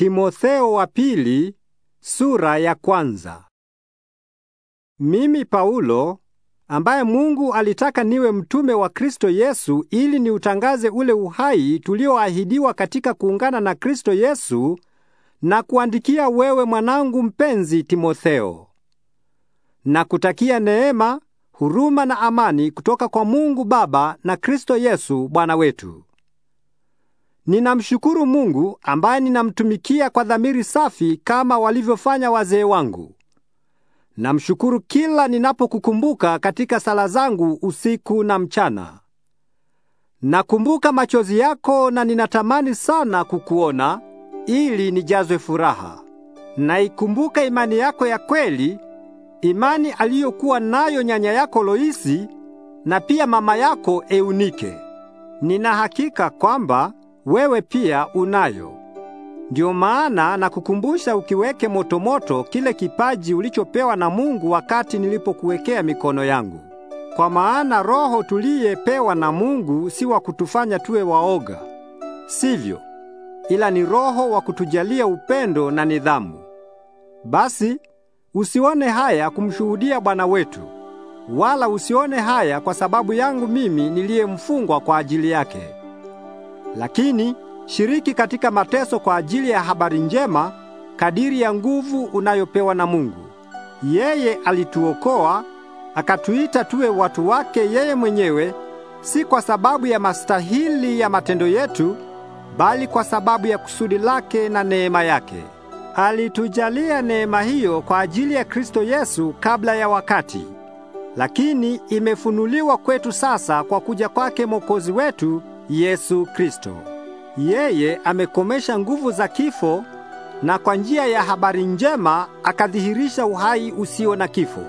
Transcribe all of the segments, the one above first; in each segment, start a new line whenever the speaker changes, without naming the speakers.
Timotheo wa pili sura ya kwanza. Mimi Paulo ambaye Mungu alitaka niwe mtume wa Kristo Yesu ili niutangaze ule uhai tulioahidiwa katika kuungana na Kristo Yesu na kuandikia wewe mwanangu mpenzi Timotheo. Na kutakia neema, huruma na amani kutoka kwa Mungu Baba na Kristo Yesu Bwana wetu. Ninamshukuru Mungu ambaye ninamtumikia kwa dhamiri safi kama walivyofanya wazee wangu. Namshukuru kila ninapokukumbuka katika sala zangu usiku na mchana. Nakumbuka machozi yako na ninatamani sana kukuona ili nijazwe furaha. Naikumbuka imani yako ya kweli, imani aliyokuwa nayo nyanya yako Loisi na pia mama yako Eunike. Nina hakika kwamba wewe pia unayo. ndio maana nakukumbusha ukiweke motomoto kile kipaji ulichopewa na Mungu wakati nilipokuwekea mikono yangu. Kwa maana roho tuliyepewa na Mungu si wa kutufanya tuwe waoga, sivyo, ila ni roho wa kutujalia upendo na nidhamu. Basi usione haya kumshuhudia Bwana wetu, wala usione haya kwa sababu yangu mimi niliyemfungwa kwa ajili yake. Lakini shiriki katika mateso kwa ajili ya habari njema kadiri ya nguvu unayopewa na Mungu. Yeye alituokoa akatuita tuwe watu wake yeye mwenyewe, si kwa sababu ya mastahili ya matendo yetu, bali kwa sababu ya kusudi lake na neema yake. Alitujalia neema hiyo kwa ajili ya Kristo Yesu kabla ya wakati, lakini imefunuliwa kwetu sasa kwa kuja kwake Mwokozi wetu Yesu Kristo. Yeye amekomesha nguvu za kifo na kwa njia ya habari njema akadhihirisha uhai usio na kifo.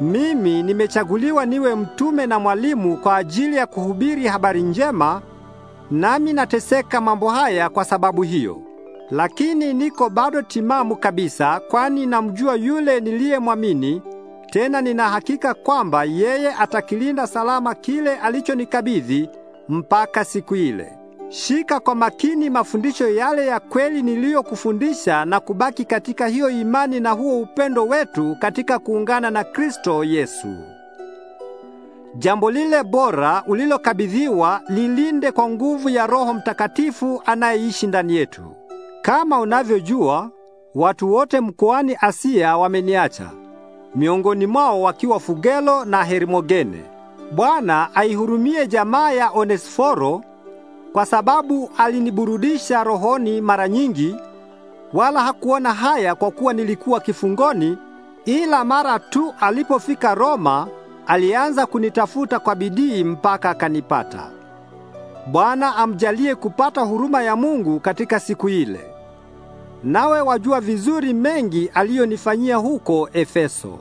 Mimi nimechaguliwa niwe mtume na mwalimu kwa ajili ya kuhubiri habari njema, nami nateseka mambo haya kwa sababu hiyo. Lakini niko bado timamu kabisa, kwani namjua yule niliyemwamini, tena nina hakika kwamba yeye atakilinda salama kile alichonikabidhi mpaka siku ile. Shika kwa makini mafundisho yale ya kweli niliyokufundisha na kubaki katika hiyo imani na huo upendo wetu katika kuungana na Kristo Yesu. Jambo lile bora ulilokabidhiwa lilinde kwa nguvu ya Roho Mtakatifu anayeishi ndani yetu. Kama unavyojua, watu wote mkoani Asia wameniacha, miongoni mwao wakiwa Fugelo na Hermogene. Bwana aihurumie jamaa ya Onesiforo kwa sababu aliniburudisha rohoni mara nyingi, wala hakuona haya kwa kuwa nilikuwa kifungoni, ila mara tu alipofika Roma alianza kunitafuta kwa bidii mpaka akanipata. Bwana amjalie kupata huruma ya Mungu katika siku ile. Nawe wajua vizuri mengi aliyonifanyia huko Efeso.